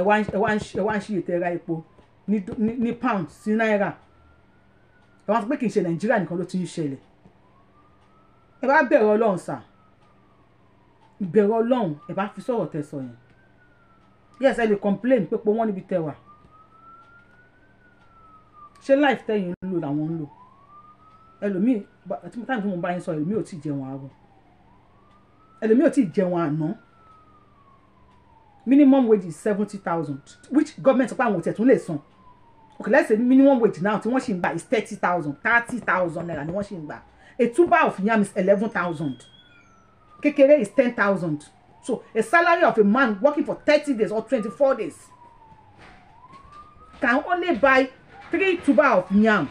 ẹ wá ń ṣe ètò ẹ̀ra epo ní pound sí náírà ẹ wá sọ pé kì í ṣe nàìjíríà nìkan ló ti ń ṣẹlẹ̀ ẹ bá bẹ̀rù ọlọ́run sà ìbẹ̀rù ọlọ́run ẹ bá fi sọ̀rọ̀ tẹ̀ yẹn yes ẹ lè complain pé pé wọ́n níbi tẹ wà ṣé life tẹ̀yìn ń lò làwọn ń lò ẹlòmíì táìmù tí mo bá yín sọ ẹlòmíì ò tí ì jẹun àárọ̀ ẹlòmíì ò tí ì jẹun àná minimum wage is seventy thousand which government sọ pé àwọn òtẹ̀ tún lè san okay let's say minimum wage now tí wọ́n sì ń gbà is thirty thousand thirty thousand naira ni wọ́n sì ń gbà a bar of yam is eleven thousand kékeré is ten thousand so a salary of a man working for thirty days or twenty-four days can only buy three tuber of yam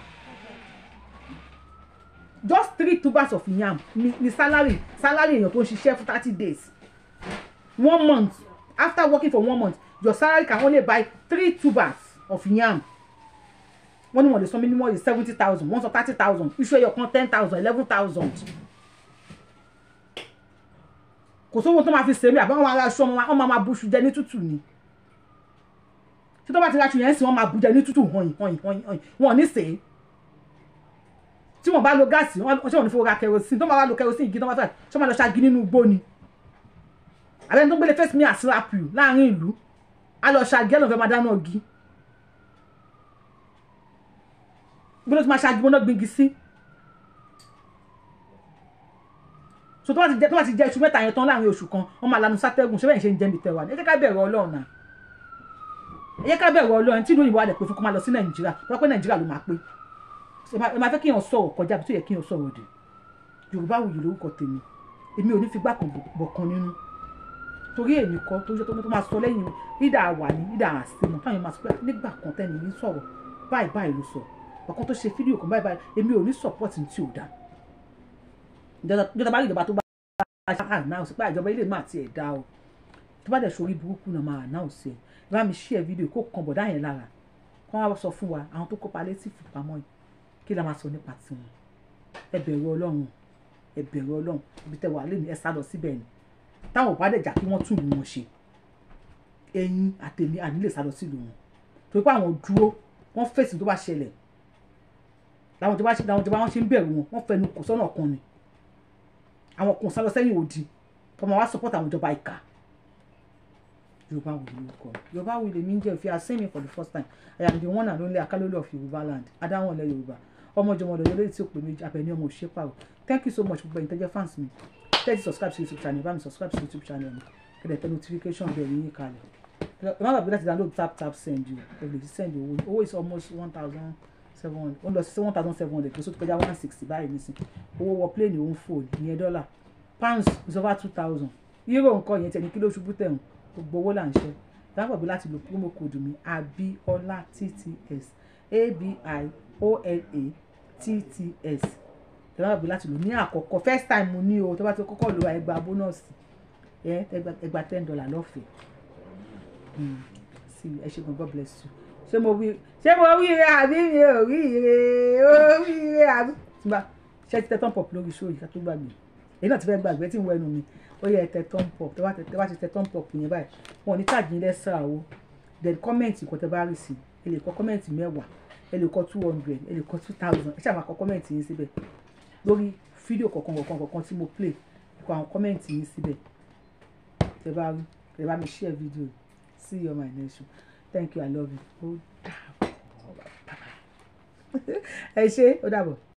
just three tubers of yam ni, ni salary salary èèyàn tó ń ṣiṣẹ́ for thirty days one month after working for one month your salary can only buy three tubers of yam One month is lè minimum is seventy thousand wọ́n san thirty thousand iṣu ẹyọ kan ten thousand eleven thousand kò sówó tó máa fi sèmi àbí wọ́n máa ra aṣọ wọn wọ́n máa máa bu iṣu jẹ ní tútù ni tí bá ti ra aṣọ yẹn sì wọ́n máa bu jẹ ní tútù hàn hàn hàn hàn wọ́n ní sèé tí wọ́n bá lo gáàsì wọ́n ṣé wọ́n ní fowó ra kerosene tó máa wá lo kerosene igi tó máa fẹ́ ṣé wọ́n máa lọ ṣáájú nínú igbó ni àbẹ́ni tó gbélé fẹ́sì mi àsìlápù láàrin ìlú a lọ ṣáájú ẹ̀ lọ́n fẹ́ máa dáná ọ̀gí gbọ́dọ̀ tí máa ṣáájú mọ́ná gbingi sí so tó bá ti jẹ iṣu mẹ́ta yẹn tán láàrin oṣù kan wọ́n máa lanu sátẹ́gùn ṣé bẹ́ẹ̀ ṣe ń jẹ́ mi tẹ̀wá ní ẹ jẹ́ ká bẹ̀rù Ọlọ́run náà ẹ jẹ́ ká bẹ̀rù Ọlọ́run tí ìlú òyìnbó àdẹ̀ pé fún kó máa lọ sí Nàìjíríà tó bá pé Nàìjíríà ló máa pé ẹ máa fẹ́ kí èèyàn sọ̀rọ̀ torí èmi kọ́ tó yẹ tó máa sọ lẹ́yìn ìdá wà ní ìdá àsìmọ táwọn máa sọ pé ah, nígbà kan tẹ́ni mi sọ̀rọ̀ báyìí báyìí ló sọ ọ̀kan tó ṣe fídíò kan báyìí báyìí èmi ò ní support ní tí ò dá ìjọba ìjọba tó bá ṣe àánáùsì pé àjọba ah, ilé máa tiẹ̀ dá o tó bá dẹ̀ sórí burúkú náà máa àánáùsì ẹ̀ bá mi share fídíò kó kan bọ̀dá yẹn lára kó wá sọ fún wa àwọn tó kópa létífù pamọ́ yìí kí la máa sọ nípa tiwọn ẹ bẹ̀rù ọlọ́run ẹ bẹ̀rù ọlọ́run ibi tẹ wà lé mi ẹ sá lọ síbẹ̀ ni táwọn bá dẹ̀ jà kí wọ́n tún ìlú wọn ṣe ẹ̀yin àtẹ̀mí ànílè sá lọ sí ìlú wọn torí pé àwọn dúró wọ́n fèsì tó bá ṣẹlẹ̀ làwọn ìjọba làwọn ìjọba wọn ṣe ń bẹ̀rù wọn wọ́n fẹnu kò sọ́nà kan ni àwọn kan sá lọ sẹ́yìn òdì ọmọ wa support àwọn ìjọba ìka Yorùbá wuyì ló kọ Yorùbá wuyì lèmi ń jẹ́ if you are seeing me for the first time I am the one and only Akalolu of Yorùbá land adáwọn ọlẹ Yorùbá ọmọ ìjọba ọlọyọ lórí tí ó pè mí abẹni ọmọ òṣèpá o thank you so much gbogbo ẹ̀yin tẹ́jẹ́ fans mi ṣe ti subscribe sí youtube channel bá mi subscribe sí youtube channel mi kẹlẹ tẹ notification bẹẹ yín kalẹ̀ ẹ má gbàgbé láti download tap tap send you ẹ lè send owó owó is almost one thousand seven hundred ó lọ sí one thousand seven hundred kò sóò tó kọjá one sixty báyìí nísìn owó wọ plane òun fòòlù ìyẹn dọ́là pounds is over two thousand euro nǹkan yẹn tẹ̀ ní kí ló ṣubú tẹ̀hún gbogbo owó là ń ṣe ẹ má gbàgbé láti lo promo code mi abiola tts abi ola tts tẹ bá gbé láti lò ní àkọ́kọ́ first time mo ní o tẹ bá ti kọ́kọ́ lo ẹgbà bónọ́ọ̀sì ẹ ten dollar lọ́fẹ̀ẹ́ hmm. sí ẹ ṣé gan God bless you ṣé mo wí ṣé mo wí ire àbí mi ò rí ire ó rí ire àbí tìǹbà ṣé ti tẹ tán pọ̀ lórí ṣó yìí ká tó gbàgbé èyí náà ti fẹ́ gbàgbé tí ń wọ ẹnu mi ó yẹ tẹ tán pọ̀ tẹ bá ti tẹ tán pọ̀ kù yẹn báyìí wọn ò ní tàgé lẹ́sà o then kọ́mẹ̀ntì kò tẹ bá rí sí ẹ lè kọ kọ́mẹ̀ntì mẹ́wàá ẹ lè kọ two hundred ẹ lè kọ two thousand ẹ ṣáà máa kọ kọ́mẹ̀ntì yín síbẹ̀ lórí fídíò kọ̀ọ̀kan kọ̀ọ̀kan kọ̀ọ̀kan tí mo play kọ àwọn kọ́mẹ̀ntì yín síbẹ̀ ẹ bá rí ẹ bá mi share video see you on my next show thank you i love you ó dàbọ̀ ẹ ṣé ó dàbọ̀.